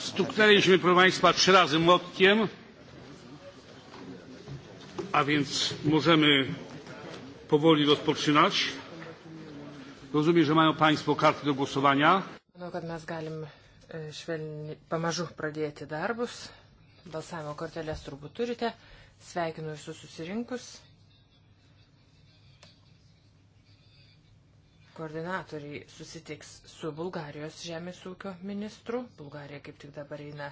Stuknęliśmy, proszę Państwa, trzy razy młotkiem, a więc możemy powoli rozpoczynać. Rozumiem, że mają Państwo karty do głosowania. Manau, kad mes galim e, švelni, pamažu pradėti darbus. Balsavimo kortelės turbūt turite. Sveikinu visus susirinkus. koordinatoriai susitiks su Bulgarijos žemės ūkio ministru. Bulgarija kaip tik dabar eina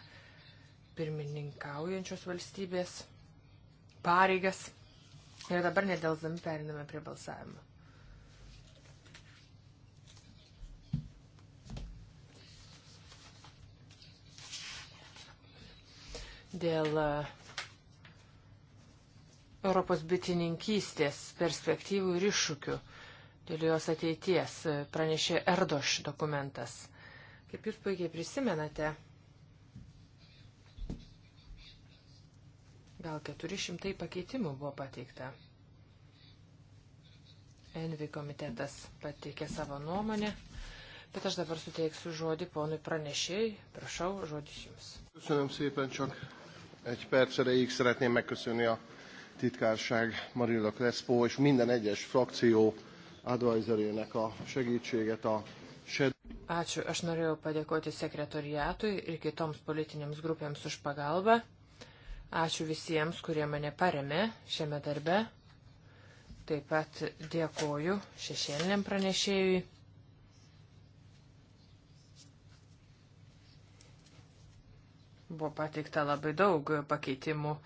pirmininkaujančios valstybės pareigas. Ir dabar nedėlzami periname prie balsavimo. Dėl e, Europos bitininkystės perspektyvų ir iššūkių dėl jos ateities pranešė Erdoš dokumentas. Kaip jūs puikiai prisimenate, gal 400 pakeitimų buvo pateikta. Envi komitetas pateikė savo nuomonę, bet aš dabar suteiksiu žodį ponui pranešėjai. Prašau, žodis jums. Köszönöm szépen, csak egy perc erejéig szeretném megköszönni a titkárság Marilla Crespo és minden egyes frakció advisory-nek a segítséget a Ačiū, aš norėjau padėkoti sekretoriatui ir kitoms politinėms grupėms už pagalbą. Ačiū visiems, kurie mane paremė šiame darbe. Taip pat dėkoju šešėliniam pranešėjui. Buvo pateikta labai daug pakeitimų,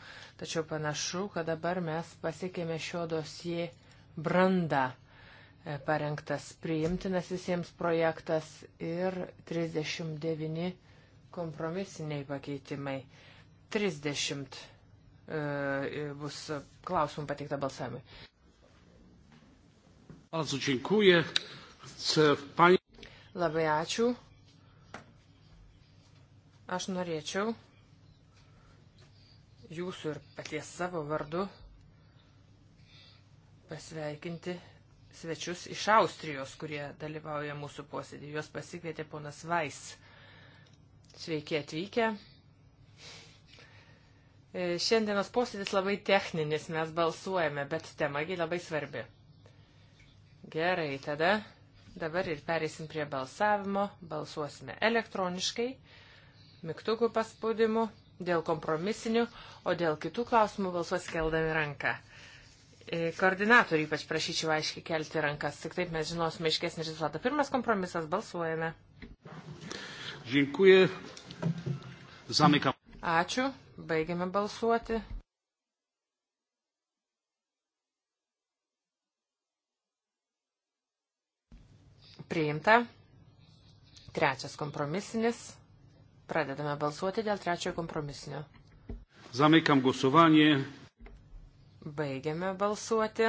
tačiau panašu, kad dabar mes pasiekėme šio dosie brandą parengtas priimtinas visiems projektas ir 39 kompromisiniai pakeitimai. 30 e, bus klausimų pateikta balsavimui. Bardzo dziękuję. Labai ačiū. Aš norėčiau jūsų ir paties savo vardu pasveikinti svečius iš Austrijos, kurie dalyvauja mūsų posėdį. Juos pasikvietė ponas Vais. Sveiki atvykę. E, šiandienos posėdis labai techninis, mes balsuojame, bet temagi labai svarbi. Gerai, tada dabar ir pereisim prie balsavimo. Balsuosime elektroniškai, mygtukų paspaudimu, dėl kompromisinių, o dėl kitų klausimų balsuos keldami ranką. E, koordinatorių ypač prašyčiau aiškiai kelti rankas, tik taip mes žinosime aiškesnį rezultatą. Pirmas kompromisas, balsuojame. Dziękuję. Zamykam. Ačiū, baigiame balsuoti. Priimta. Trečias kompromisinis. Pradedame balsuoti dėl trečiojo kompromisinio. Zamykam głosowanie. Baigiame balsuoti.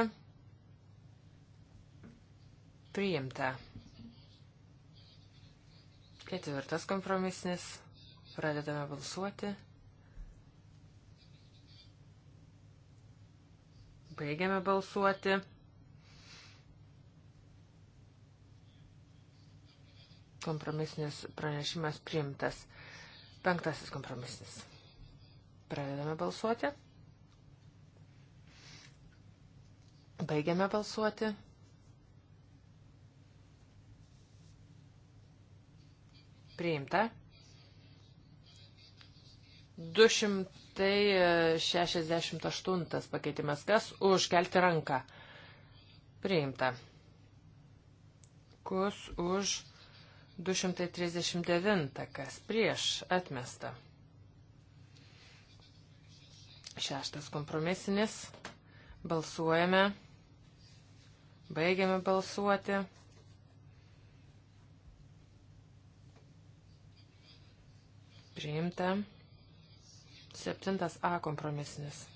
Priimta. Ketvirtas kompromisnis. Pradedame balsuoti. Baigiame balsuoti. Kompromisinis pranešimas priimtas. Penktasis kompromisnis. Pradedame balsuoti. Baigiame balsuoti. Priimta. 268 pakeitimas. Kas už kelti ranką? Priimta. Kus už 239. Kas prieš atmesta. Šeštas kompromisinis. Balsuojame. Baigiame balsuoti. Priimta. Septintas A kompromisinis.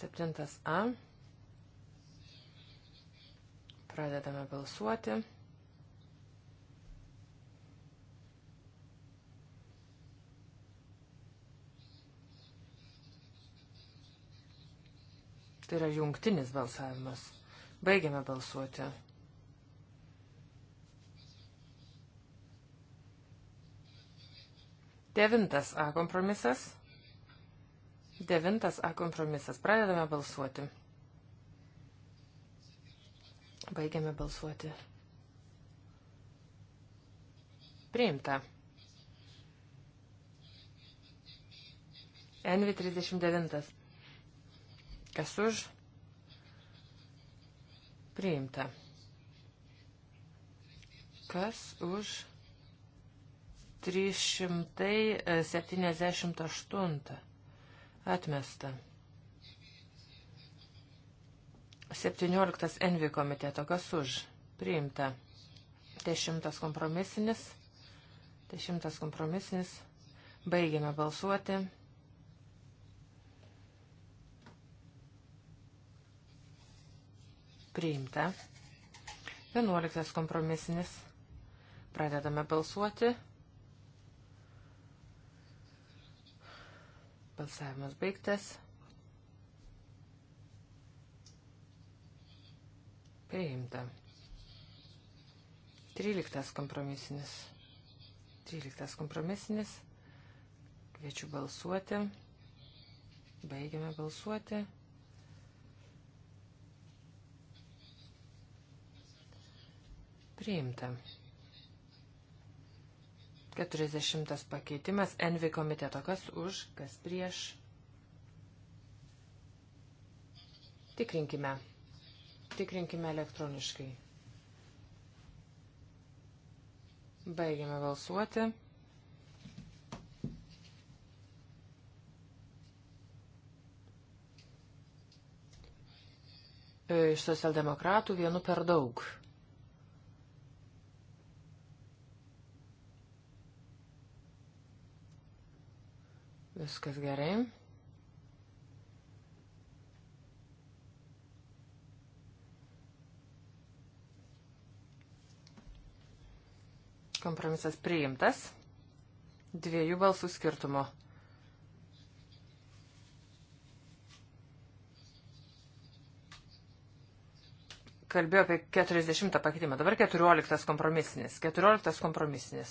Septintas A. Pradedame balsuoti. Tai yra jungtinis balsavimas. Baigiame balsuoti. Devintas A kompromisas. Devintas A kompromisas. Pradedame balsuoti. Baigiame balsuoti. Priimta. NV39. Kas už? Priimta. Kas už 378? Atmesta. 17 Envi komiteto. Kas už? Priimta. 10 kompromisinis. 10 kompromisinis. Baigėme balsuoti. priimta. 11 kompromisinis. Pradedame balsuoti. Balsavimas baigtas. Priimta. 13 kompromisinis. 13 kompromisinis. Kviečiu balsuoti. Baigiame balsuoti. Priimta. 40 pakeitimas Envi komiteto. Kas už, kas prieš? Tikrinkime. Tikrinkime elektroniškai. Baigiame balsuoti. Iš socialdemokratų vienu per daug. Viskas gerai. Kompromisas priimtas. Dviejų balsų skirtumo. kalbėjo apie 40 pakeitimą, dabar 14 kompromisinis. 14 kompromisinis.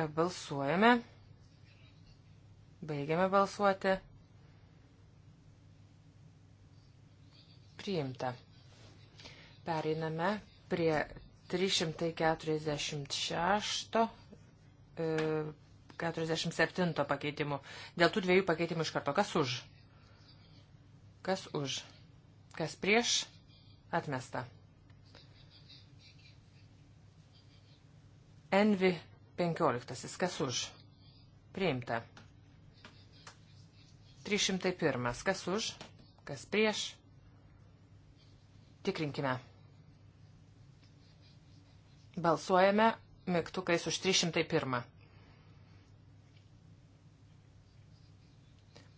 E, balsuojame. Baigiame balsuoti. Priimta. Pereiname prie 346 47 e, pakeitimų. Dėl tų dviejų pakeitimų iš karto. Kas už? Kas už? Kas prieš? Atmesta. Envi 15. Kas už? Priimta. 301. Kas už, kas prieš. Tikrinkime. Balsuojame mygtukais už 301.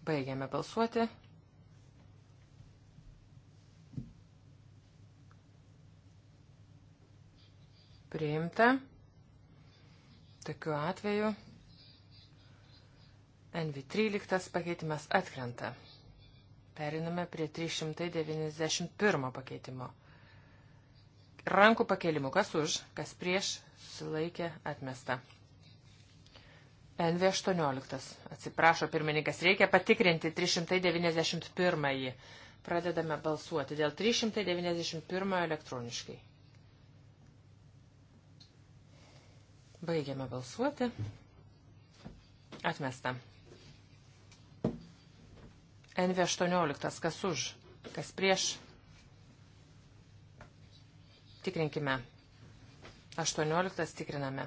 Baigiame balsuoti. Priimta. Tokiu atveju NV13 pakeitimas atkrenta. Periname prie 391 pakeitimo. Rankų pakelimu, kas už, kas prieš, susilaikė, atmesta. NV18. Atsiprašo, pirmininkas, reikia patikrinti 391. Pradedame balsuoti dėl 391 elektroniškai. Baigiame balsuoti. Atmesta. NV18, kas už, kas prieš. Tikrinkime. 18 tikriname.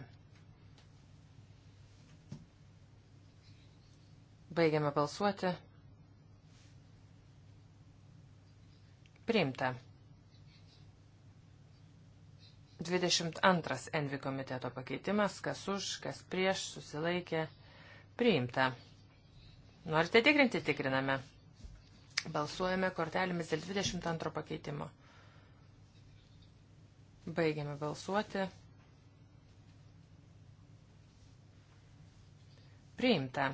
Baigiame balsuoti. Priimta. 22 Envi komiteto pakeitimas, kas už, kas prieš, susilaikė, priimta. Norite tikrinti, tikriname. Balsuojame kortelėmis dėl 22 pakeitimo. Baigiame balsuoti. Priimta.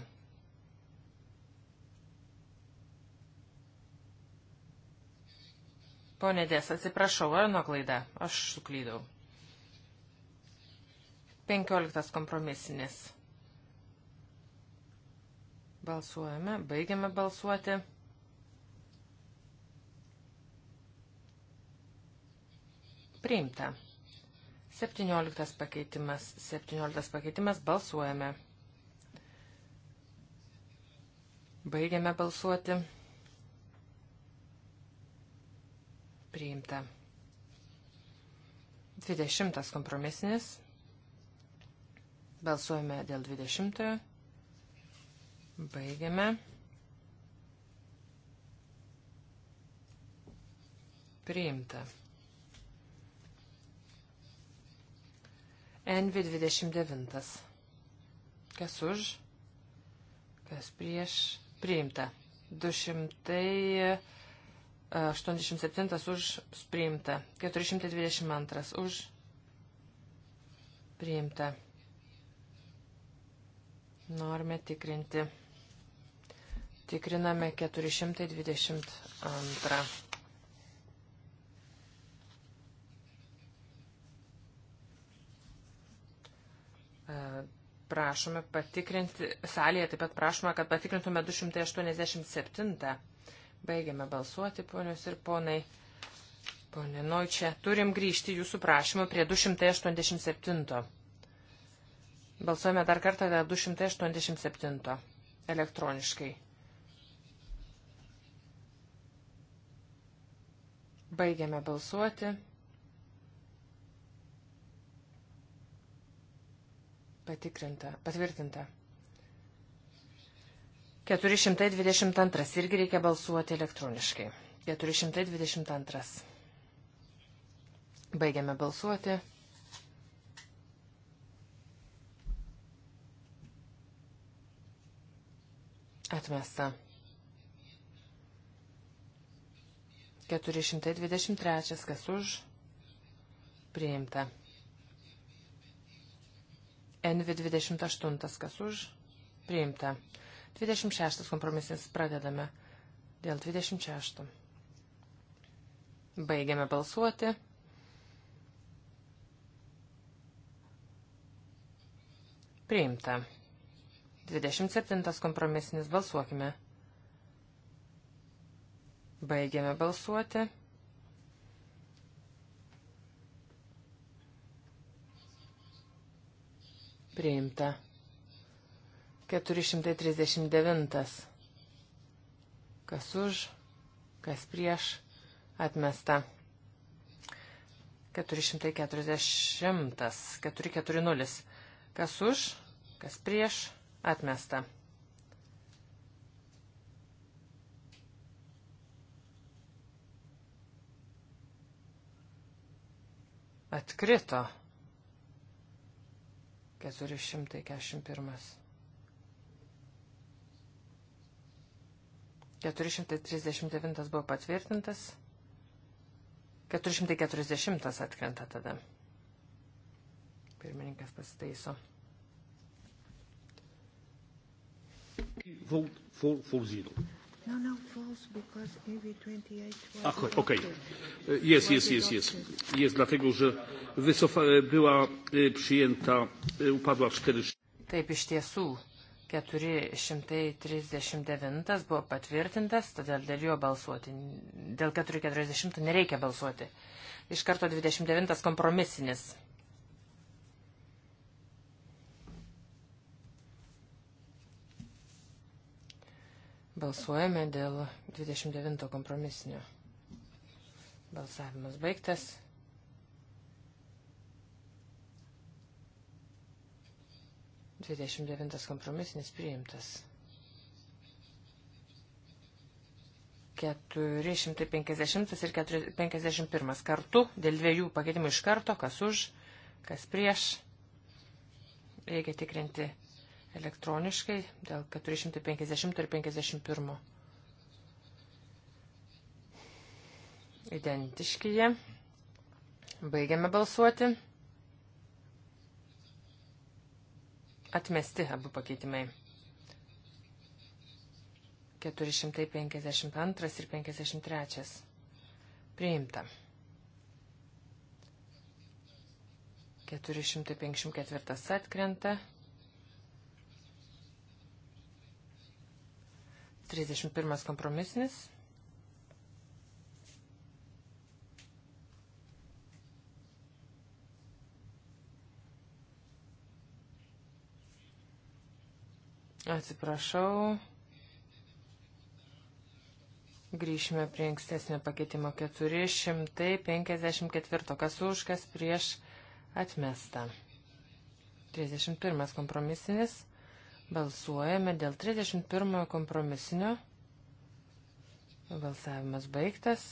Pone Dės, atsiprašau, ar nuo klaida? Aš suklydau. 15 kompromisinis. Balsuojame, baigiame balsuoti. Priimta. 17 pakeitimas. 17 pakeitimas. Balsuojame. Baigiame balsuoti. Priimta. 20 kompromisinis. Balsuojame dėl 20. Baigiame. Priimta. NV29. Kas už? Kas prieš? Priimta. 287 e, už priimta. 422 už priimta. Norime tikrinti. Tikriname 422. E, prašome patikrinti, salėje taip pat prašome, kad patikrintume 287. Baigiame balsuoti, ponios ir ponai. Pone Noičia, turim grįžti jūsų prašymą prie 287. Balsuojame dar kartą dėl 287 elektroniškai. Baigiame balsuoti. Patikrinta, patvirtinta. 422 irgi reikia balsuoti elektroniškai. 422. Baigiame balsuoti. Atmesta. 423. Kas už? Priimta. NV28 kas už, priimta. 26 kompromisinis pradedame dėl 26. Baigiame balsuoti. Priimta. 27 kompromisinis balsuokime. Baigiame balsuoti. priimta. 439. Kas už, kas prieš, atmesta. 440, 440. Kas už, kas prieš, atmesta. Atkrito. 441. 439 buvo patvirtintas. 440 atkrenta tada. Pirmininkas pasitaiso. Full, full, full zero. No, no, false, because EV28 was Ach, okay. Jest, jest, jest, jest. Jest, dlatego, że wycofa, była przyjęta, upadła 4. Taip, iš tiesų, 439 buvo patvirtintas, todėl dėl jo balsuoti, dėl 440 nereikia balsuoti. Iš karto 29 kompromisinis. Balsuojame dėl 29 kompromisinio. Balsavimas baigtas. Dvidešimt devintas kompromisinis priimtas. 450 ir 451 kartu dėl dviejų pakeitimų iš karto, kas už, kas prieš. Reikia tikrinti elektroniškai dėl 450 ir 51. Identiški jie. Baigiame balsuoti. Atmesti abu pakeitimai. 452 ir 53. Priimta. 454 atkrenta. 31 kompromisinis. Atsiprašau. Grįžime prie ankstesnio pakeitimo 454. Kas už, kas prieš atmesta. 31 kompromisinis. Balsuojame dėl 31 kompromisinio. Balsavimas baigtas.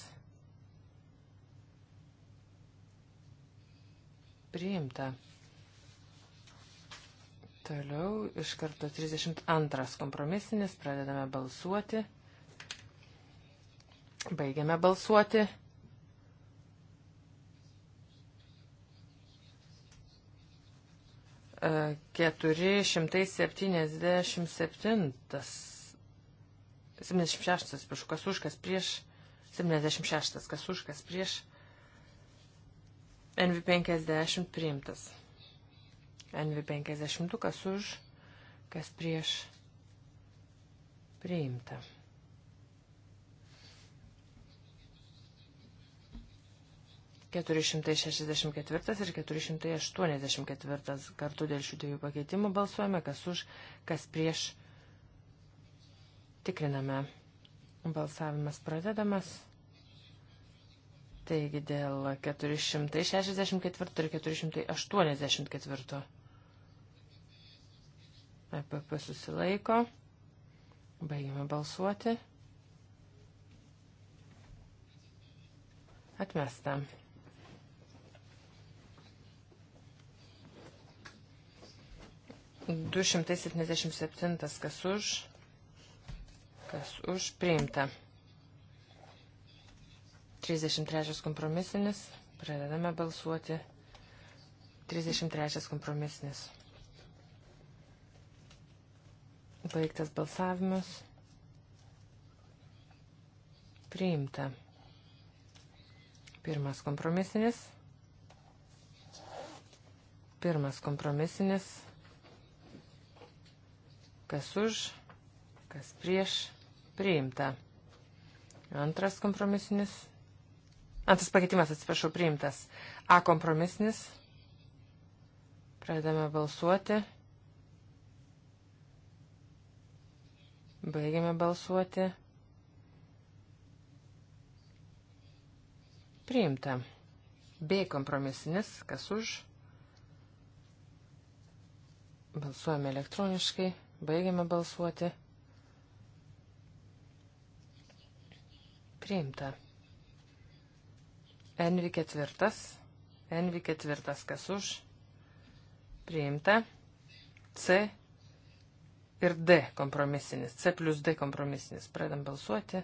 Priimta. Toliau iš karto 32 kompromisinis. Pradedame balsuoti. Baigiame balsuoti. 477, 76, prašau, kas už, kas prieš, 76, kas už, kas prieš, NV50 priimtas. NV52, kas už, kas prieš, priimta. 464 ir 484 kartu dėl šių dviejų pakeitimų balsuojame, kas už, kas prieš. Tikriname. Balsavimas pradedamas. Taigi dėl 464 ir 484. EPP susilaiko. Baigime balsuoti. Atmesta. 277 kas už, kas už priimta. 33 kompromisinis, pradedame balsuoti. 33 kompromisinis. Baigtas balsavimas. Priimta. Pirmas kompromisinis. Pirmas kompromisinis. Kas už, kas prieš, priimta. Antras kompromisinis. Antras pakeitimas, atsiprašau, priimtas. A kompromisinis. Pradedame balsuoti. Baigiame balsuoti. Priimta. B kompromisinis, kas už. Balsuojame elektroniškai. Baigiame balsuoti. Priimta. Envi ketvirtas. Envi ketvirtas kas už. Priimta. C ir D kompromisinis. C plus D kompromisinis. Pradam balsuoti.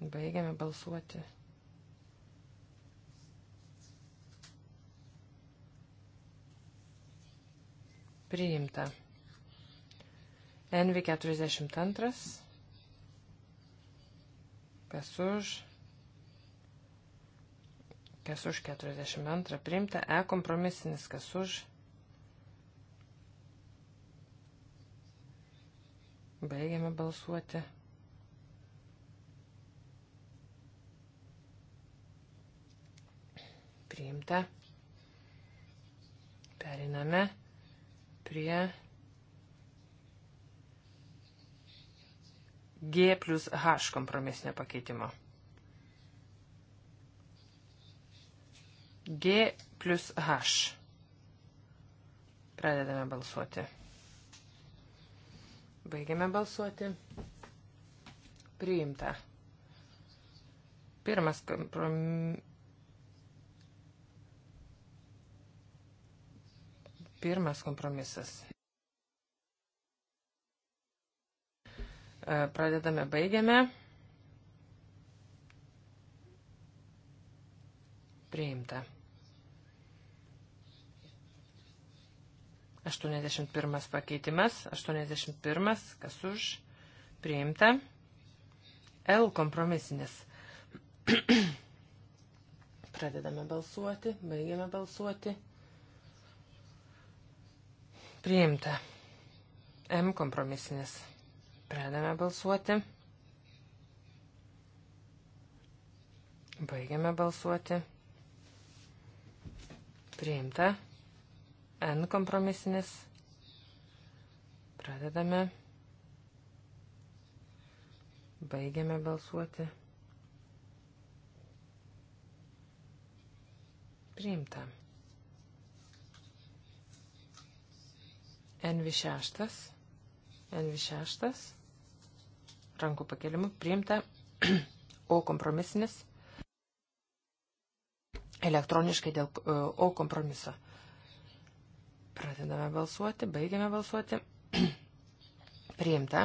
Baigiame balsuoti. Priimta. Envi 42. Kas už. Kas už 42. Priimta. E kompromisinis. Kas už. Baigiame balsuoti. Priimta. Periname prie G plus H kompromisinio pakeitimo. G plus H. Pradedame balsuoti. Baigiame balsuoti. Priimta. Pirmas komprom... Pirmas kompromisas. E, pradedame, baigiame. Priimta. 81 pakeitimas, 81, kas už, priimta. L kompromisinis. Pradedame balsuoti, baigiame balsuoti. Priimta. M kompromisinis. Pradame balsuoti. Baigiame balsuoti. Priimta. N kompromisinis. Pradedame. Baigiame balsuoti. Priimta. NV6, NV6, rankų pakelimu, priimta, O kompromisinis, elektroniškai dėl e, O kompromiso. Pradedame balsuoti, baigiame balsuoti, priimta.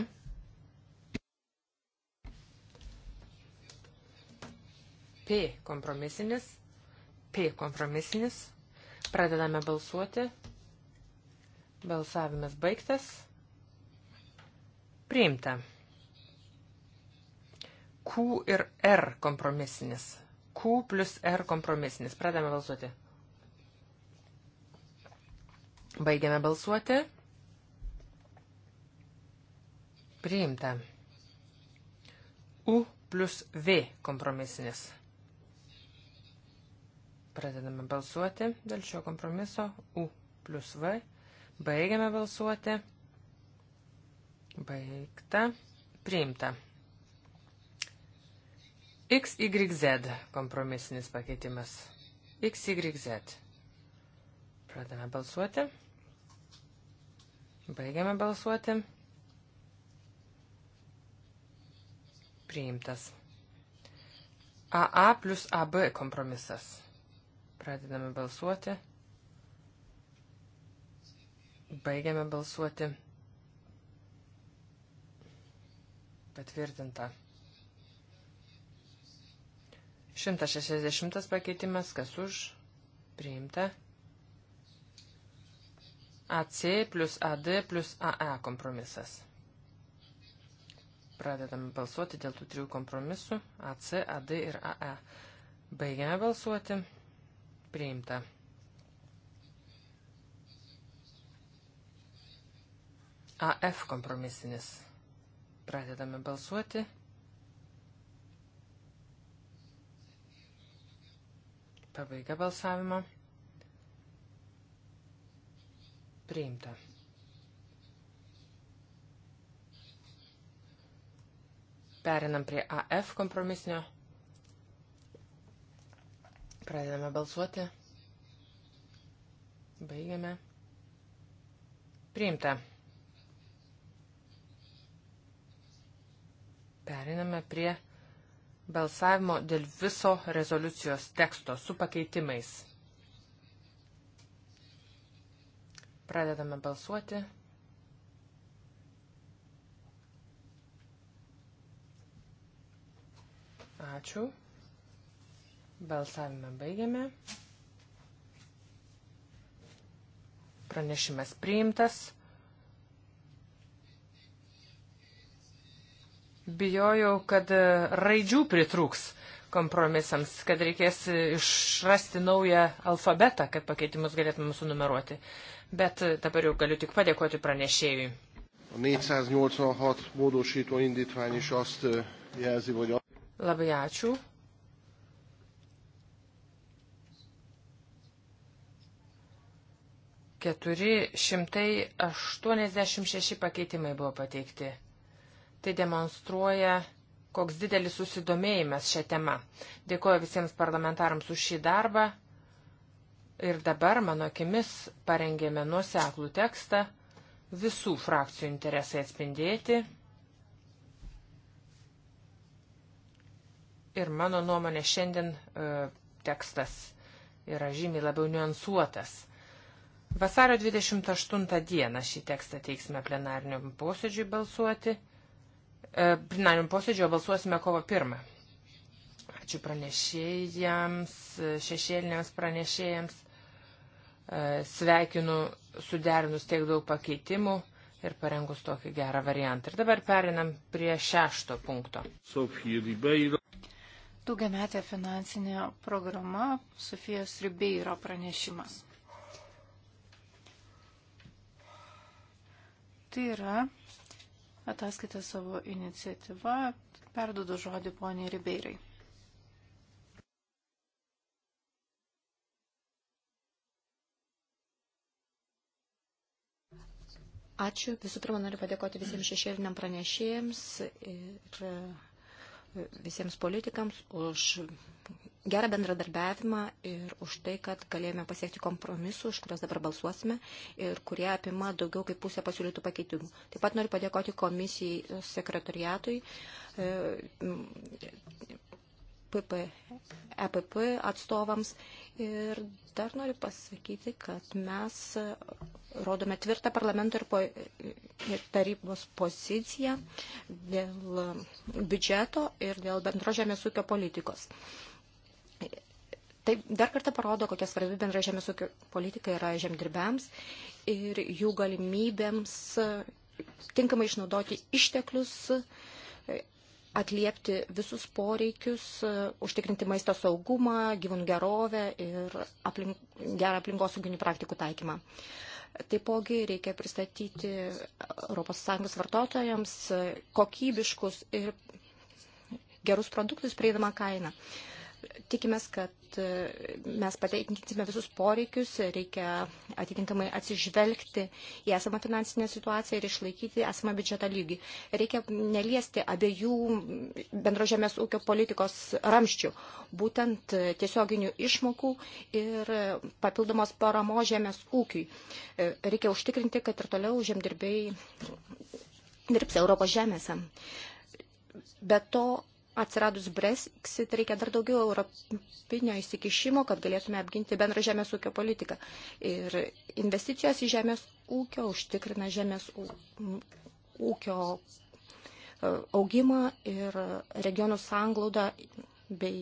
P kompromisinis, P kompromisinis, pradedame balsuoti, Balsavimas baigtas. Priimta. Q ir R kompromisinis. Q plus R kompromisinis. Pradame balsuoti. Baigiame balsuoti. Priimta. U plus V kompromisinis. Pradedame balsuoti dėl šio kompromiso U plus V. Baigiame balsuoti. Baigta. Priimta. XYZ kompromisinis pakeitimas. XYZ. Pradame balsuoti. Baigiame balsuoti. Priimtas. AA plus AB kompromisas. Pradedame balsuoti. Baigiame balsuoti. Patvirtinta. 160 pakeitimas, kas už, priimta. AC plus AD plus AE kompromisas. Pradedame balsuoti dėl tų trijų kompromisų AC, AD ir AE. Baigiame balsuoti. Priimta. AF kompromisinis. Pradedame balsuoti. Pabaiga balsavimo. Priimta. Perinam prie AF kompromisinio. Pradedame balsuoti. Baigiame. Priimta. Periname prie balsavimo dėl viso rezoliucijos teksto su pakeitimais. Pradedame balsuoti. Ačiū. Balsavimą baigiame. Pranešimas priimtas. Bijojau, kad e, raidžių pritrūks kompromisams, kad reikės e, išrasti naują alfabetą, kad pakeitimus galėtume sunumeruoti. Bet e, dabar jau galiu tik padėkoti pranešėjui. A 486 módosító indítvány is azt jelzi, hogy a... Labai ačiū. Keturi šimtai aštuoniasdešimt šeši pakeitimai buvo pateikti. Tai demonstruoja, koks didelis susidomėjimas šią temą. Dėkuoju visiems parlamentarams už šį darbą. Ir dabar mano akimis parengėme nuoseklų tekstą visų frakcijų interesai atspindėti. Ir mano nuomonė šiandien e, tekstas yra žymiai labiau niuansuotas. Vasario 28 dieną šį tekstą teiksime plenarniam posėdžiui balsuoti. E, plenarium posėdžio balsuosime kovo 1. Ačiū pranešėjams, e, šešėliniams pranešėjams. E, sveikinu suderinus tiek daug pakeitimų ir parengus tokį gerą variantą. Ir dabar perinam prie šešto punkto. Daugiametė finansinė programa Sofijos Ribeiro pranešimas. Tai yra ataskaitą savo iniciatyvą. Perdodu žodį poniai Ribeirai. Ačiū. Visų pirma, noriu padėkoti visiems šešėliniam pranešėjams ir visiems politikams už gerą bendradarbiavimą ir už tai, kad galėjome pasiekti kompromisų, už kurias dabar balsuosime ir kurie apima daugiau kaip pusę pasiūlytų pakeitimų. Taip pat noriu padėkoti komisijai sekretariatui. PP, EPP atstovams. Ir dar noriu pasakyti, kad mes rodome tvirtą parlamento ir, po, ir tarybos poziciją dėl biudžeto ir dėl bendro žemės ūkio politikos. Tai dar kartą parodo, kokia svarbi bendra žemės ūkio politika yra žemdirbėms ir jų galimybėms tinkamai išnaudoti išteklius atliepti visus poreikius, e, užtikrinti maisto saugumą, gyvūnų gerovę ir aplink, gerą aplinkosauginių praktikų taikymą. Taipogi reikia pristatyti ES vartotojams kokybiškus ir gerus produktus prieidama kainą. Uh, tikimės, kad e, mes pateikinsime visus poreikius, reikia atitinkamai atsižvelgti į esamą finansinę situaciją ir išlaikyti esamą biudžetą lygį. Reikia neliesti abiejų bendro žemės ūkio politikos ramščių, būtent tiesioginių išmokų ir papildomos paramo žemės ūkiui. E, reikia užtikrinti, kad ir toliau žemdirbiai dirbs Europos žemėse. Be to, atsiradus Brexit reikia dar daugiau europinio įsikišimo, kad galėtume apginti bendrą žemės ūkio politiką. Ir investicijos į žemės ūkio užtikrina žemės ūkio e, augimą ir regionų sanglaudą bei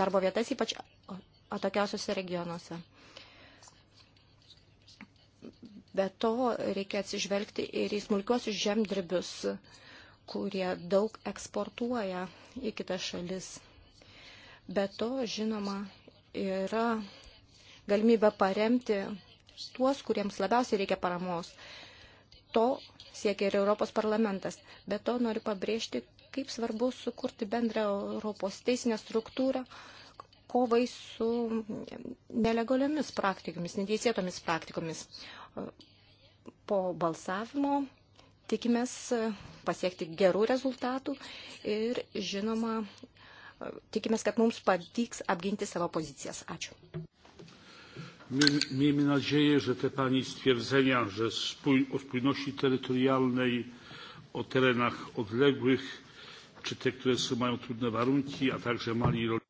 darbo vietas, ypač atokiausiose regionuose. Be to reikia atsižvelgti ir į smulkiuosius žemdirbius kurie daug eksportuoja į kitas šalis. Be to, žinoma, yra galimybė paremti tuos, kuriems labiausiai reikia paramos. To siekia ir Europos parlamentas. Be to noriu pabrėžti, kaip svarbu sukurti bendrą Europos teisinę struktūrą kovai su nelegaliomis praktikomis, neteisėtomis praktikomis. Po balsavimo tikimės e, pasiekti gerų rezultatų ir, žinoma, e, tikimės, kad mums pavyks apginti savo pozicijas. Ačiū. Miejmy nadzieję, że te Pani stwierdzenia, że spój o spójności terytorialnej, o terenach odległych, czy te, które są, mają trudne warunki, a także mali rolnicy.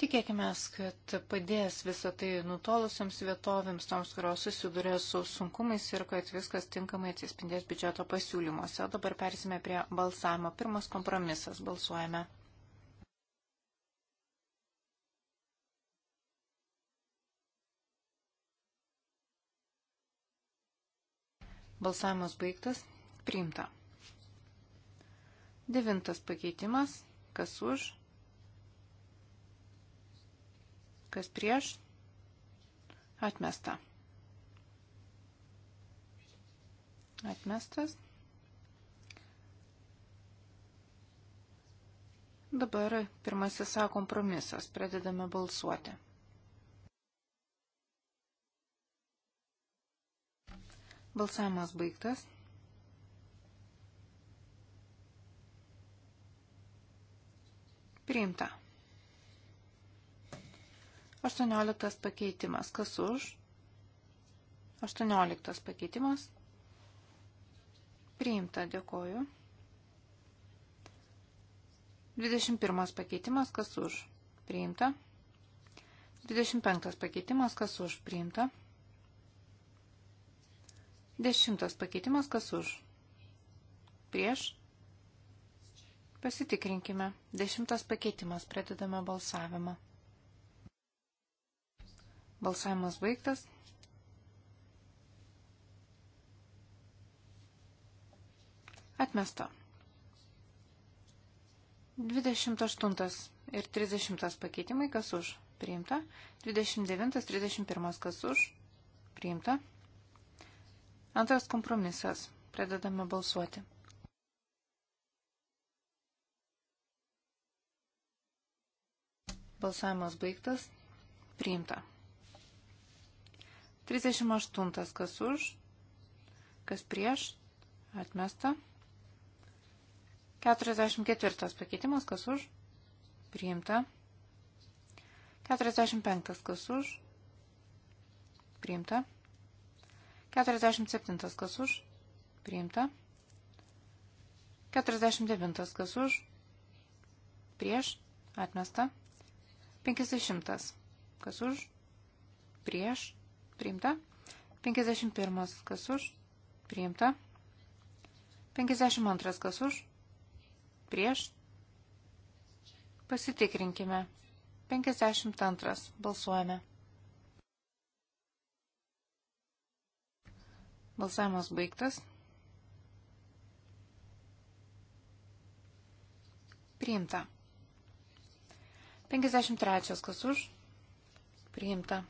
Tikėkime, kad padės visą tai nutolusiams vietovėms, toms, kurios susiduria su sunkumais ir kad viskas tinkamai atsispindės biudžeto pasiūlymuose. O dabar persime prie balsavimo. Pirmas kompromisas. Balsuojame. Balsavimas baigtas. Priimta. Devintas pakeitimas. Kas už? Kas prieš? Atmesta. Atmestas. Dabar pirmasis A kompromisas. Pradedame balsuoti. Balsavimas baigtas. Priimta. 18 pakeitimas. Kas už? 18 pakeitimas. Priimta, dėkoju. 21 pakeitimas, kas už? Priimta. 25 pakeitimas, kas už? Priimta. 10 pakeitimas, kas už? Prieš. Pasitikrinkime. 10 pakeitimas, pradedame balsavimą. Balsavimas baigtas. Atmesta. 28 ir 30 pakeitimai, kas už priimta. 29, 31, kas už priimta. Antras kompromisas. Pradedame balsuoti. Balsavimas baigtas. Priimta. 38. Kas už, kas prieš, atmesta. 44. Pakeitimas, kas už, priimta. 45. Kas už, priimta. 47. Kas už, priimta. 49. Kas už, prieš, atmesta. 50. Kas už, prieš, priimta. 51 kas už, priimta. 52 kas už, prieš. Pasitikrinkime. 52 balsuojame. Balsavimas baigtas. Priimta. 53 kas už, priimta.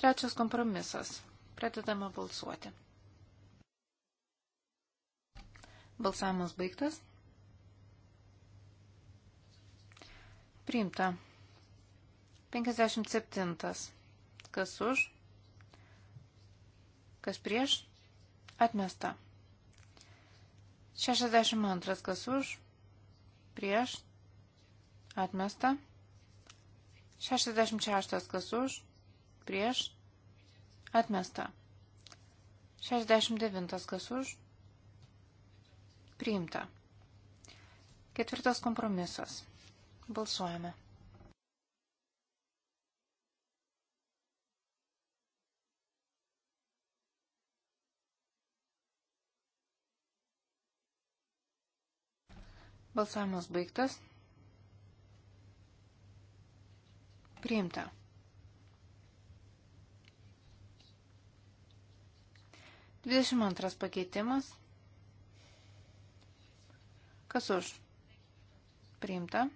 Trečias kompromisas. Pradedame balsuoti. Balsavimas baigtas. Priimta. 57. Kas už? Kas prieš? Atmesta. 62. Kas už? Prieš? Atmesta. 66. Kas už? prieš, atmesta. 69 kas už, priimta. Ketvirtas kompromisas. Balsuojame. Balsavimas baigtas. Priimta. 22 pakeitimas. Kas už? Priimta.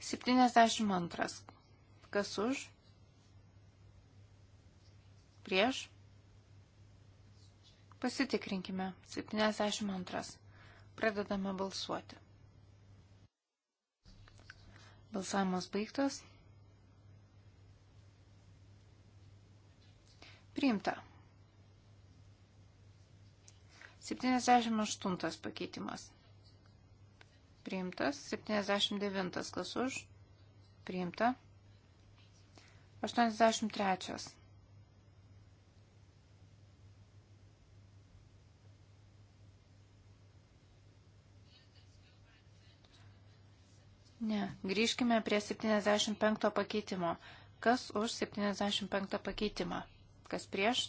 Septyniasdešimt antras. Kas už? Prieš? Pasitikrinkime. Septyniasdešimt antras. Pradedame balsuoti. Balsavimas baigtas. Priimta. 78 pakeitimas. Priimtas. 79 kas už. Priimta. 83. Ne, grįžkime prie 75 pakeitimo. Kas už 75 pakeitimą? Kas prieš?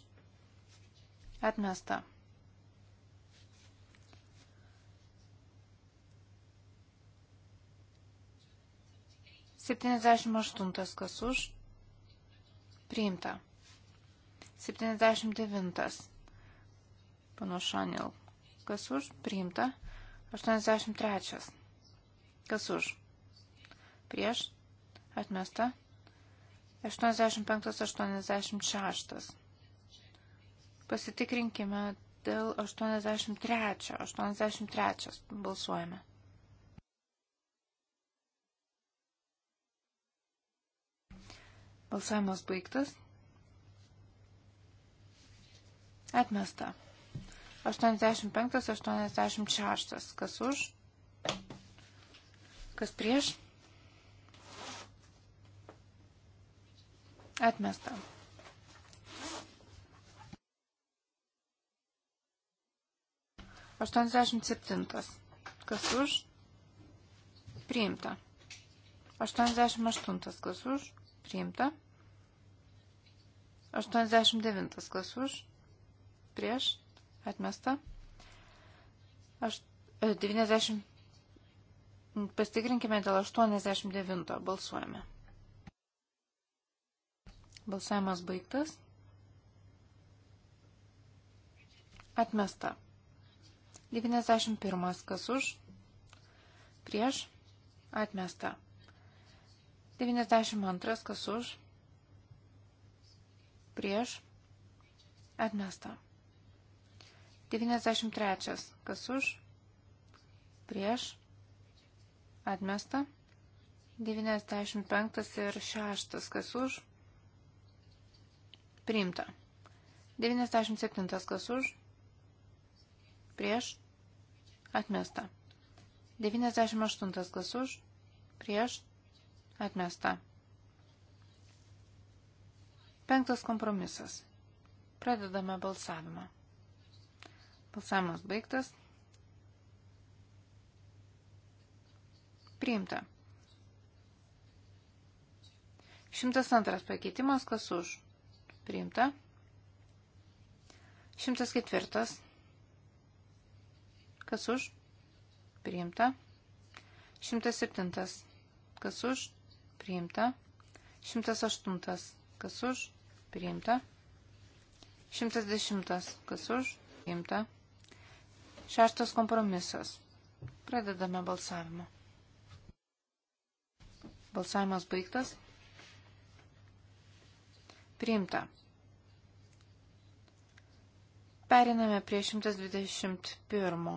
Atmesta. Septyniasdešimt aštuntas kas už? Priimta. Septyniasdešimt devintas. Pano Šanil. Kas už? Priimta. Aštuoniasdešimt trečias. Kas už? prieš, atmesta. 85-86. Pasitikrinkime dėl 83. 83 balsuojame. Balsavimas baigtas. Atmesta. 85-86. Kas už? Kas prieš? Atmesta. Aštuoniasdešimt septintas. Kas už? Priimta. Aštuoniasdešimt aštuntas. Kas už? Priimta. Aštuoniasdešimt devintas. Kas už? Prieš. Atmesta. Aš, 90. E, Pastikrinkime dėl 89. Balsuojame. Balsavimas baigtas. Atmesta. 91. Kas už? Prieš? Atmesta. 92. Kas už? Prieš? Atmesta. 93. Kas už? Prieš? Atmesta. 95 ir 6. Kas už? Priimta. 97 kas už. Prieš. Atmesta. 98 kas už. Prieš. Atmesta. Penktas kompromisas. Pradedame balsavimą. Balsavimas baigtas. Priimta. 102 pakeitimas kas už priimta. 104. Kas už? Priimta. 107. Kas už? Priimta. 108. Kas už? Priimta. 110. Kas už? Priimta. Šeštas kompromisas. Pradedame balsavimą. Balsavimas baigtas. Priimta. Periname prie 121.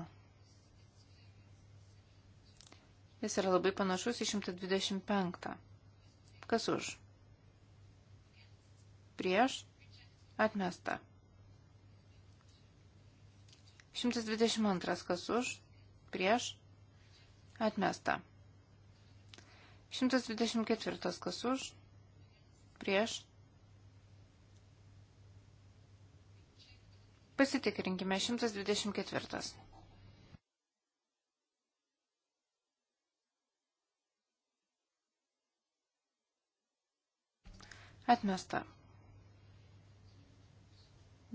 Jis yra labai panašus į 125. Kas už? Prieš atmesta. 122. Kas už? Prieš atmesta. 124. Kas už? Prieš Pasitikrinkime 124. Atmesta.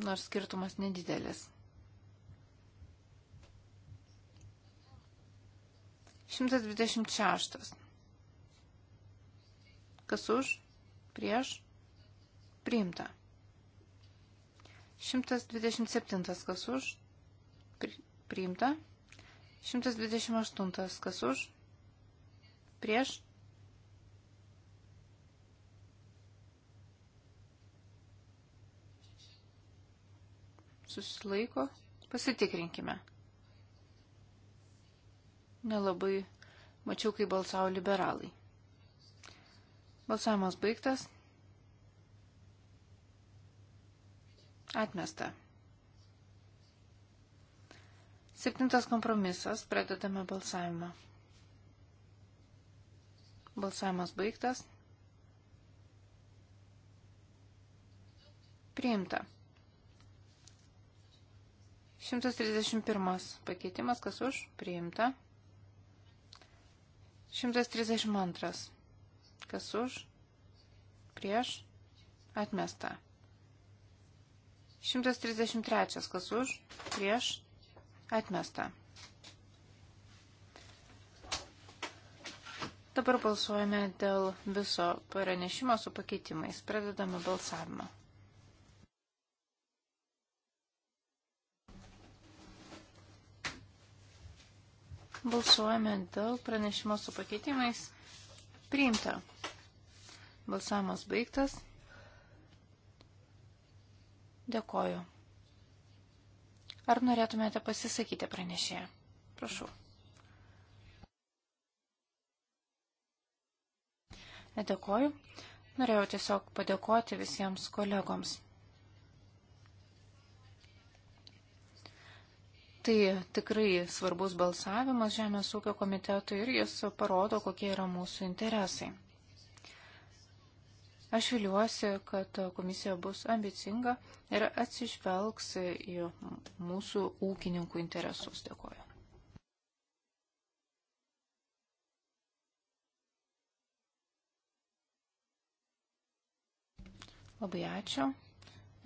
Nors skirtumas nedidelis. 126. Kas už? Prieš? Priimta. 127 kas už, priimta. 128 kas už, prieš. Susilaiko. Pasitikrinkime. Nelabai mačiau, kai balsavo liberalai. Balsavimas baigtas. Atmesta. Septintas kompromisas. Pradedame balsavimą. Balsavimas baigtas. Priimta. 131 pakeitimas, kas už? Priimta. 132. Kas už? Prieš? Atmesta. 133. Kas už? Prieš? Atmesta. Dabar balsuojame dėl viso pranešimo su pakeitimais. Pradedame balsavimą. Balsuojame dėl pranešimo su pakeitimais. Priimta. Balsavimas baigtas. Dėkoju. Ar norėtumėte pasisakyti pranešėją? Prašau. Dėkoju. Norėjau tiesiog padėkoti visiems kolegoms. Tai tikrai svarbus balsavimas Žemės ūkio komitetui ir jis parodo, kokie yra mūsų interesai. Aš viliuosi, kad komisija bus ambicinga ir atsižvelgs į mūsų ūkininkų interesus. Dėkuoju. Labai ačiū.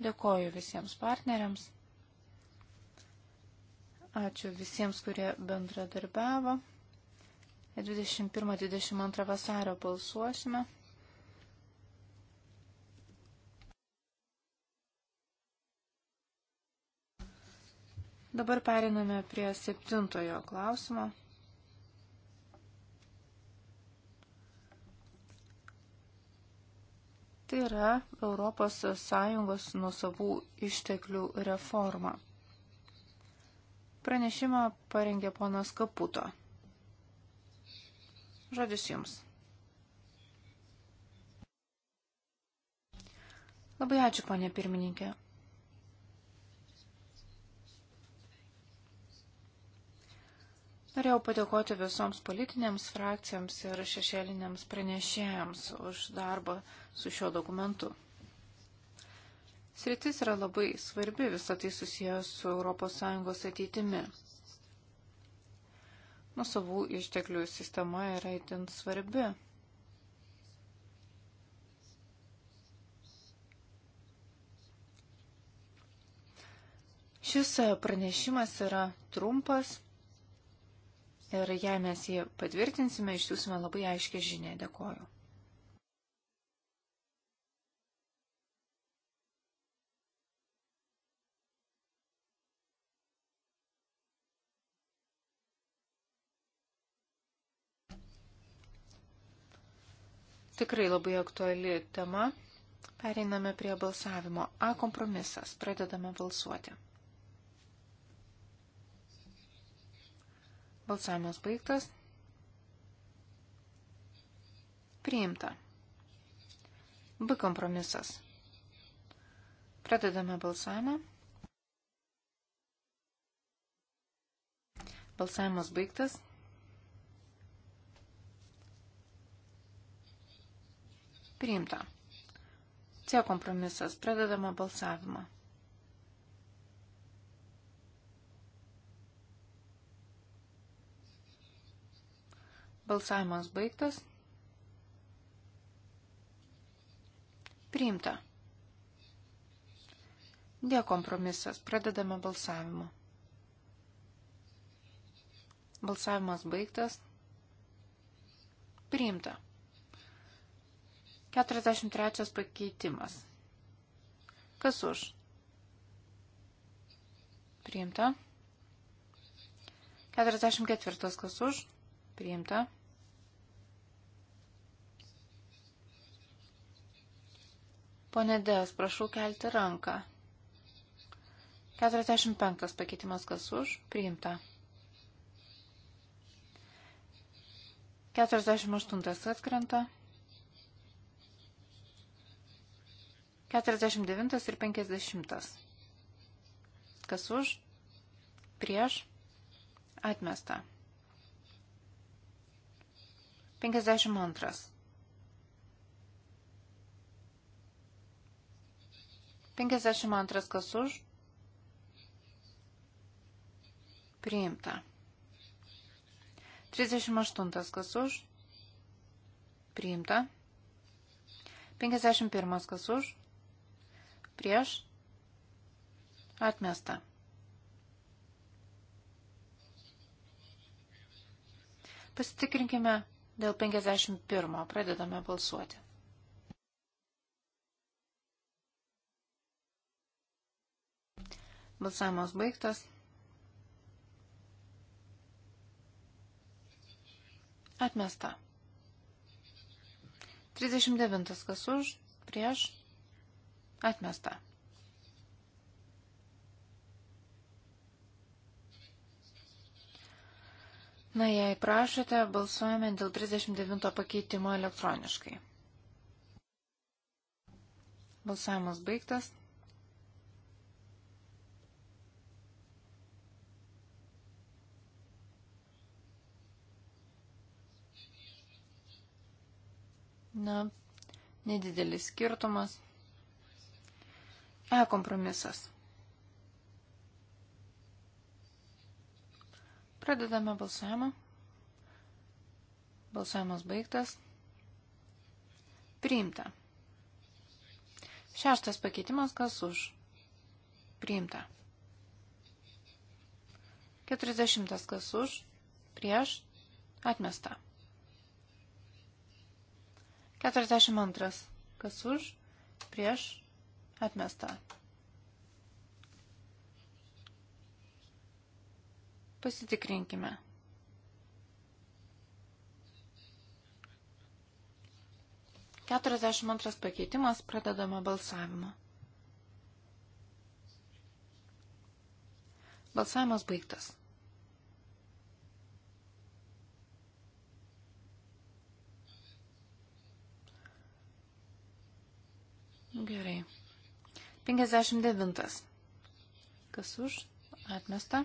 Dėkoju visiems partneriams. Ačiū visiems, kurie bendradarbiavo. 21-22 vasario balsuosime. Dabar periname prie septintojo klausimo. Tai yra Europos Sąjungos nusavų išteklių reforma. Pranešimą parengė ponas Kaputo. Žodis jums. Labai ačiū, ponė pirmininkė. Norėjau padėkoti visoms politinėms frakcijoms ir šešėliniams pranešėjams už darbą su šiuo dokumentu. Sritis yra labai svarbi, visą tai susijęs su ES ateitimi. Nusavų išteklių sistema yra itin svarbi. Šis pranešimas yra trumpas Ir jei mes jį patvirtinsime, išsiųsime labai aiškę žinę. Dėkoju. Tikrai labai aktuali tema. Pereiname prie balsavimo. A kompromisas. Pradedame balsuoti. Balsavimas baigtas. Priimta. B kompromisas. Pradedame balsavimą. Balsavimas baigtas. Priimta. C kompromisas. Pradedame balsavimą. Balsavimas baigtas. Priimta. D kompromisas. Pradedame balsavimą. Balsavimas baigtas. Priimta. 43 pakeitimas. Kas už? Priimta. 44 kas už? Priimta. Pone Dės, prašau kelti ranką. 45 pakeitimas kas už? Priimta. 48 atkrenta. 49 ir 50. Kas už? Prieš? Atmesta. 52. 52 kas už. Priimta. 38 kas už. Priimta. 51 kas už. Prieš. Atmesta. Pasitikrinkime Dėl 51 pradedame balsuoti. Balsavimas baigtas. Atmesta. 39 kas už, prieš, atmesta. Na, jei prašote, balsuojame dėl 39 pakeitimo elektroniškai. Balsavimas baigtas. Na, nedidelis skirtumas. E kompromisas. Pradedame balsavimą. Balsavimas baigtas. Priimta. Šeštas pakeitimas, kas už? Priimta. Keturiasdešimtas, kas už? Prieš? Atmesta. Keturiasdešimt antras, kas už? Prieš? Atmesta. Pasitikrinkime. Keturiasdešimt antras pakeitimas pradedame balsavimą. Balsavimas baigtas. Gerai. 59. Kas už? Atmesta.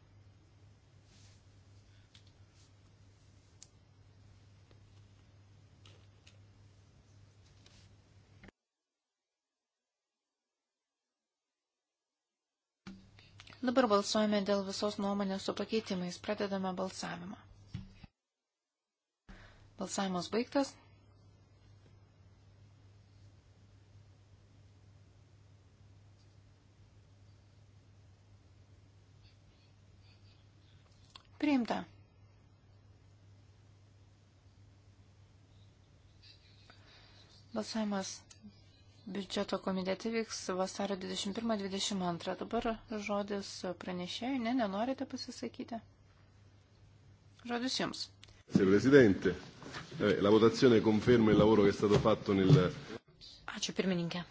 Dabar balsuojame dėl visos nuomonės su pakeitimais. Pradedame balsavimą. Balsavimas baigtas. Priimta. Balsavimas biudžeto komitete vyks vasario 21-22. Dabar žodis pranešėjai. Ne, nenorite pasisakyti? Žodis jums. Presidente, eh, la votazione conferma il lavoro che è stato fatto nel... Ačiū pirmininkė.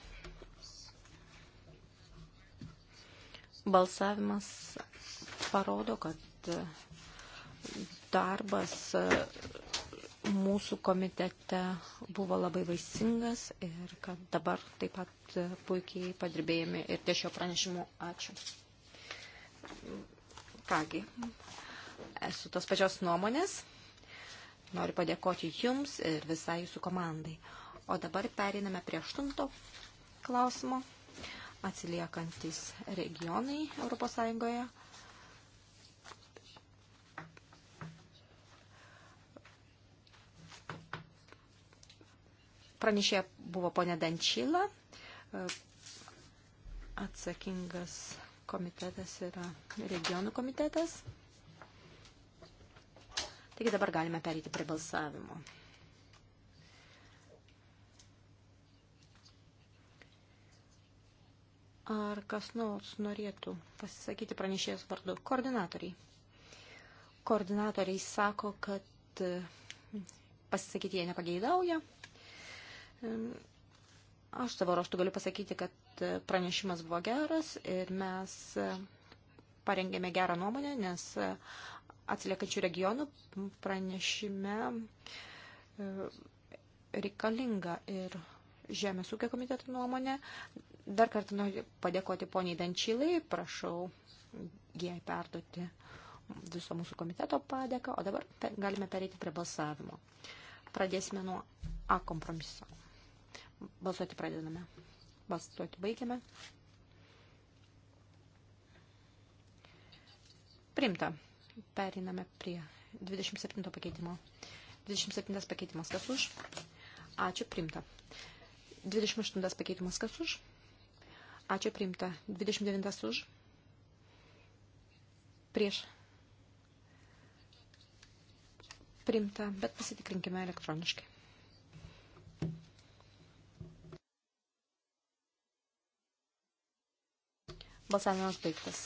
Balsavimas parodo, kad darbas mūsų komitete buvo labai vaisingas ir kad dabar taip pat puikiai padirbėjome ir ties šio pranešimu. Ačiū. Kągi, esu tos pačios nuomonės. Noriu padėkoti Jums ir visai Jūsų komandai. O dabar periname prie aštunto klausimo. Atsiliekantis regionai ES Pranešė buvo ponė Dančyla. Atsakingas komitetas yra regionų komitetas. Taigi dabar galime perėti prie balsavimo. Ar kas nors norėtų pasisakyti pranešėjos vardu? Koordinatoriai. Koordinatoriai sako, kad pasisakyti jie nepageidauja. Aš savo ruoštų galiu pasakyti, kad e, pranešimas buvo geras ir mes e, parengėme gerą nuomonę, nes e, atsiliekačių regionų pranešime reikalinga ir Žemės ūkio komiteto nuomonė. Dar kartą noriu padėkoti poniai Dančylai, prašau jai perduoti viso mūsų komiteto padėką, o dabar galime pereiti prie balsavimo. Pradėsime nuo A kompromiso. Balsuoti pradedame. Balsuoti baigiame. Primta. Periname prie 27 pakeitimo. 27 pakeitimas kas už. Ačiū, primta. 28 pakeitimas kas už. Ačiū, primta. 29 už. Prieš. Primta, bet pasitikrinkime elektroniškai. Balsavimas baigtas.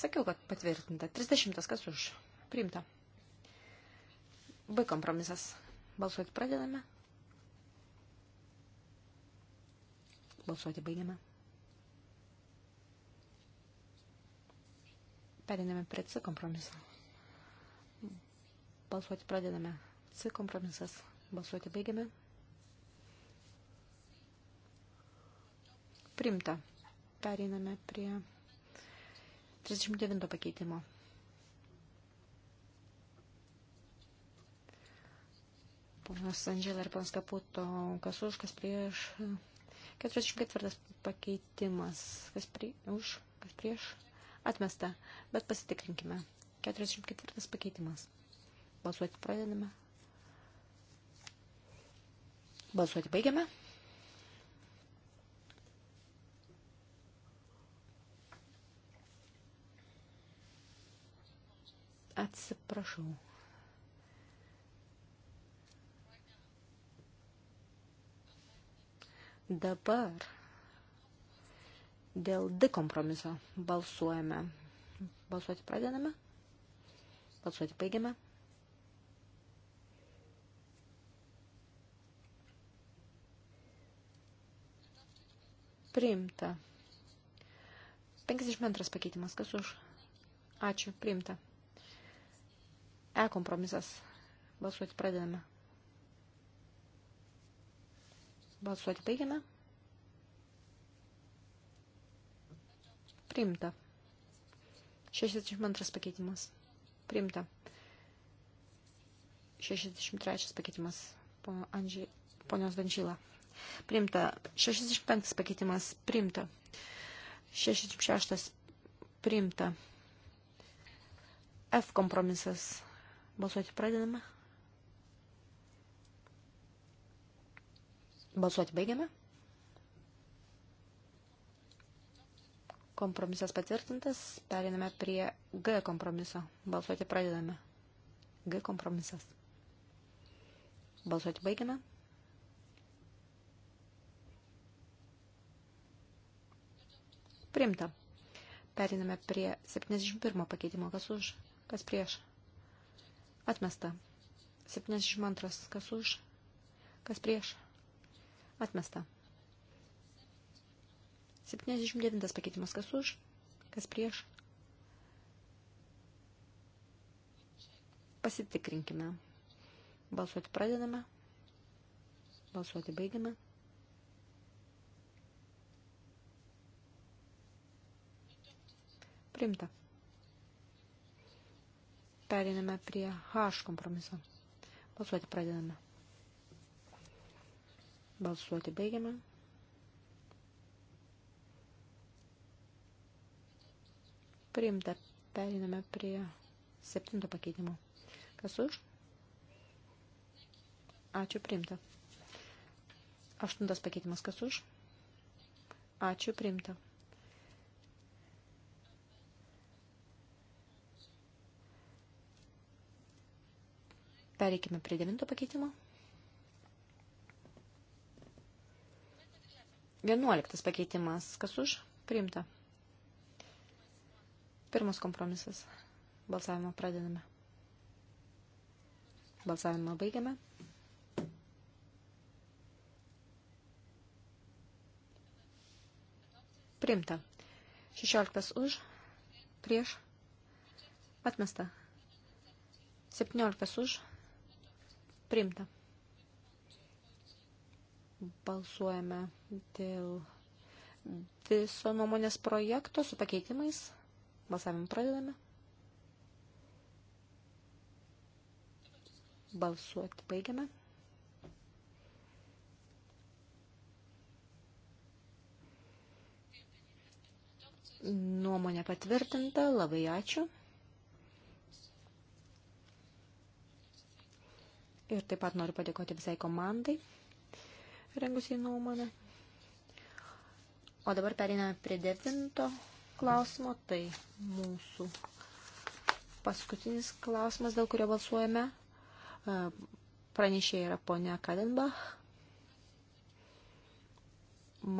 Sakiau, kad patvirtinta. 30. Kas už? Priimta. B kompromisas. Balsuoti pradedame. Balsuoti baigiame. Periname prie C kompromiso. Balsuoti pradedame. C kompromisas. Balsuoti baigiame. Primta. Pereiname prie 39 pakeitimo. Ponas Andželė ir ponas Kaputo, kas už, kas prieš. 44 pakeitimas. Kas prie, už, kas prieš. Atmesta, bet pasitikrinkime. 44 pakeitimas. Balsuoti pradedame. Balsuoti baigiame. Atsiprašau. Dabar dėl D kompromiso balsuojame. Balsuoti pradedame. Balsuoti baigiame. Priimta. 52 pakeitimas. Kas už? Ačiū. Priimta. E kompromisas. Balsuoti pradedame. Balsuoti baigiame. Priimta. 62 pakeitimas. Priimta. 63 pakeitimas. Pono Andžiai, ponios Dančyla. Primta. 65 pakeitimas. Primta. 66 primta. F kompromisas. Balsuoti pradedame. Balsuoti baigiame. Kompromisas patvirtintas. Periname prie G kompromiso. Balsuoti pradedame. G kompromisas. Balsuoti baigiame. Primta. Periname prie 71 pakeitimo. Kas už? Kas prieš? Atmesta. 72. Kas už? Kas prieš? Atmesta. 79 pakeitimas. Kas už? Kas prieš? Pasitikrinkime. Balsuoti pradedame. Balsuoti baigiame. Primta. Periname prie H kompromiso. Balsuoti pradedame. Balsuoti baigiame. Priimta. Periname prie septinto pakeitimo. Kas už? Ačiū, priimta. Aštuntas pakeitimas. Kas už? Ačiū, priimta. Pereikime prie devinto pakeitimo. Vienuoliktas pakeitimas. Kas už? Priimta. Pirmas kompromisas. Balsavimą pradedame. Balsavimą baigiame. Priimta. 16 už, prieš, atmesta. 17 už, Primta. Balsuojame dėl viso nuomonės projekto su pakeitimais. Balsavimą pradedame. Balsuoti baigiame. Nuomonė patvirtinta, labai ačiū. Ir taip pat noriu padėkoti visai komandai, rengusiai nuomonę. O dabar pereiname prie devinto klausimo. Tai mūsų paskutinis klausimas, dėl kurio balsuojame. E, pranešėja yra ponia Kadenbach.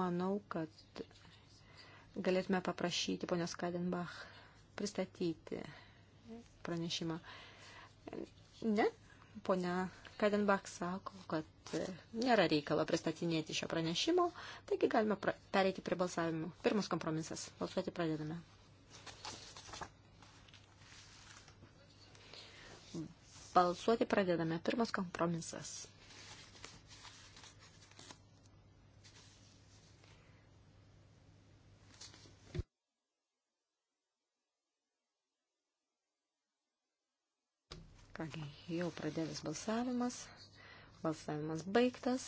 Manau, kad galėtume paprašyti ponios Kadenbach pristatyti pranešimą. Ne? ponia Kadenbach sako, kad e, nėra reikalo pristatinėti šio pranešimo, taigi galime pra pereiti prie balsavimų. Pirmas kompromisas. Balsuoti pradedame. Balsuoti pradedame. Pirmas kompromisas. Kągi, jau pradėtas balsavimas. Balsavimas baigtas.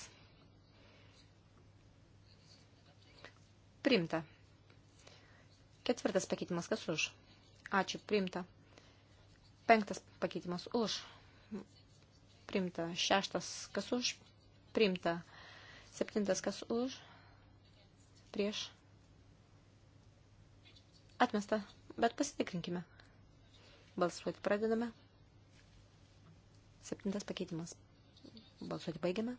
Primta. Ketvirtas pakeitimas kas už? Ačiū, primta. Penktas pakeitimas už. Primta. Šeštas kas už? Primta. Septintas kas už? Prieš. Atmesta, bet pasitikrinkime. Balsuoti pradedame. Septintas pakeitimas. Balsuoti baigiame.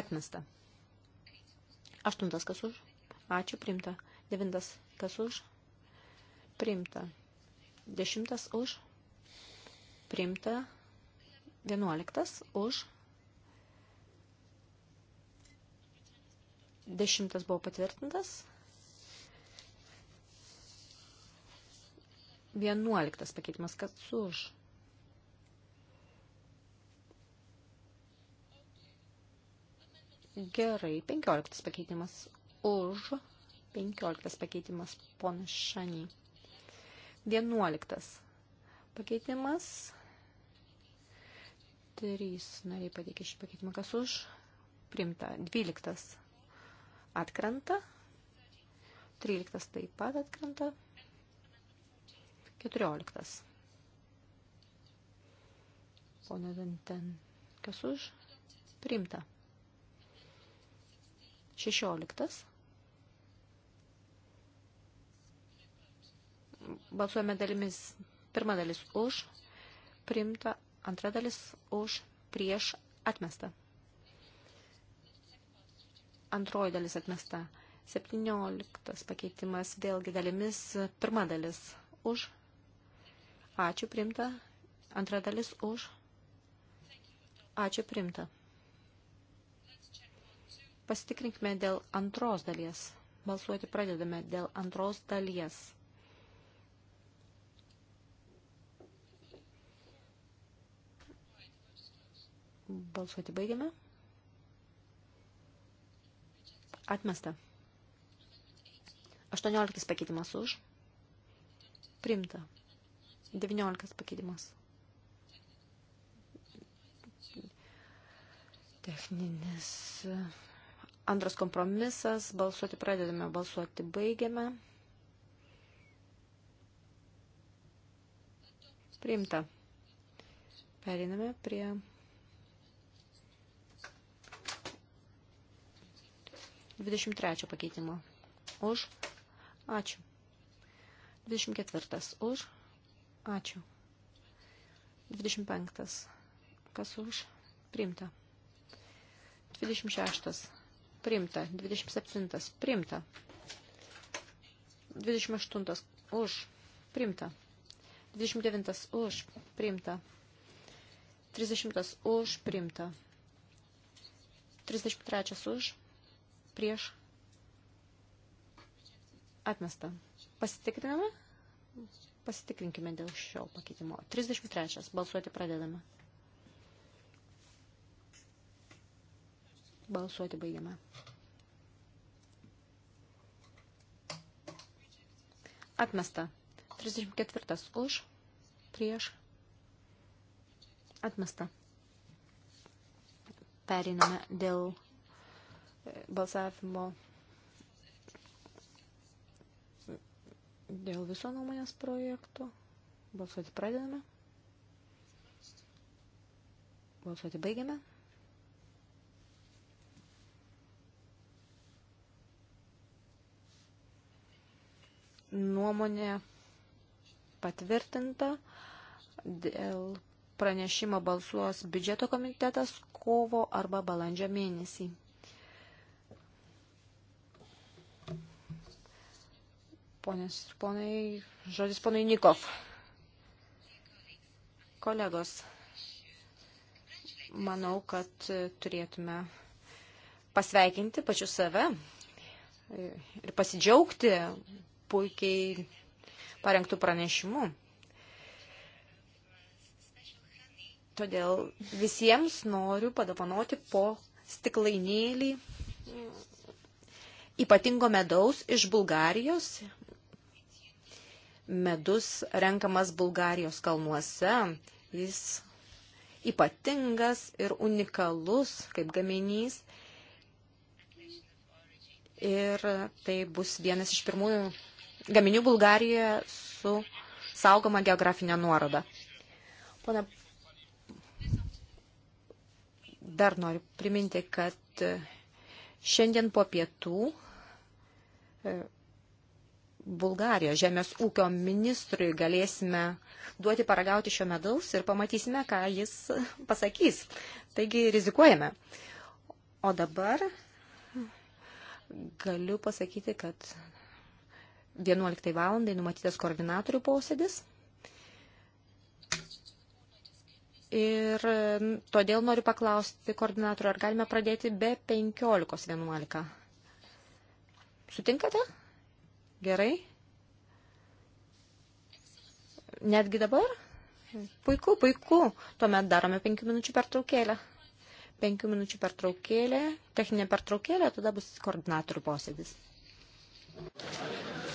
Atmesta. Aštuntas kas už. Ačiū, priimta. Devintas kas už. Priimta. Dešimtas už. Priimta. Vienuoliktas už. Dešimtas buvo patvirtintas. 11 pakeitimas, kas už. Gerai, 15 pakeitimas už, 15 pakeitimas ponas Šanį. 11 pakeitimas, 3 nariai pateikė šį pakeitimą, kas už, primta, 12 atkrenta, 13 taip pat atkrenta. 14. Pono Danten, kas už? Priimta. 16. Balsuojame dalimis. Pirma dalis už, priimta, antra dalis už, prieš, atmesta. Antroji dalis atmesta. 17 pakeitimas vėlgi dalimis, pirma dalis už, Ačiū primta. Antra dalis už. Ačiū primta. Pasitikrinkime dėl antros dalies. Balsuoti pradedame dėl antros dalies. Balsuoti baigiame. Atmesta. 18 pakeitimas už. Primta. 19 pakeitimas. Techninis antras kompromisas. Balsuoti pradedame, balsuoti baigiame. Priimta. Periname prie Dvidešimt trečio pakeitimo. Už. Ačiū. Dvidešimt ketvirtas. Už. Ačiū. 25. Kas už? Primta. 26. Primta. 27. Primta. 28. Už. Primta. 29. Už. Primta. 30. Už. Primta. 33. Už. Prieš. Atmesta. Pasitikriname? Pasitikrinkime dėl šio pakeitimo. 33. Balsuoti pradedame. Balsuoti baigiame. Atmesta. 34. Už. Prieš. Atmesta. Pereiname dėl e, balsavimo Dėl viso nuomonės projekto balsuoti pradedame. Balsuoti baigiame. Nuomonė patvirtinta dėl pranešimo balsuos biudžeto komitetas kovo arba balandžio mėnesį. Ponės ir ponai, žodis ponai Nikov. Kolegos, manau, kad turėtume pasveikinti pačiu save ir pasidžiaugti puikiai parengtų pranešimų. Todėl visiems noriu padavanoti po stiklainėlį ypatingo medaus iš Bulgarijos medus renkamas Bulgarijos kalnuose. Jis ypatingas ir unikalus kaip gaminys. Ir tai bus vienas iš pirmųjų gaminių Bulgarijoje su saugoma geografinė nuoroda. Pone, dar noriu priminti, kad šiandien po pietų Bulgarijos žemės ūkio ministrui galėsime duoti paragauti šio medaus ir pamatysime, ką jis pasakys. Taigi rizikuojame. O dabar galiu pasakyti, kad 11 valandai numatytas koordinatorių posėdis. Ir todėl noriu paklausti koordinatorių, ar galime pradėti be 15.11. Sutinkate? Gerai? Netgi dabar? Puiku, puiku. Tuomet darome penkių minučių pertraukėlę. Penkių minučių pertraukėlė, techninė pertraukėlė, tada bus koordinatorių posėdis. Thank you.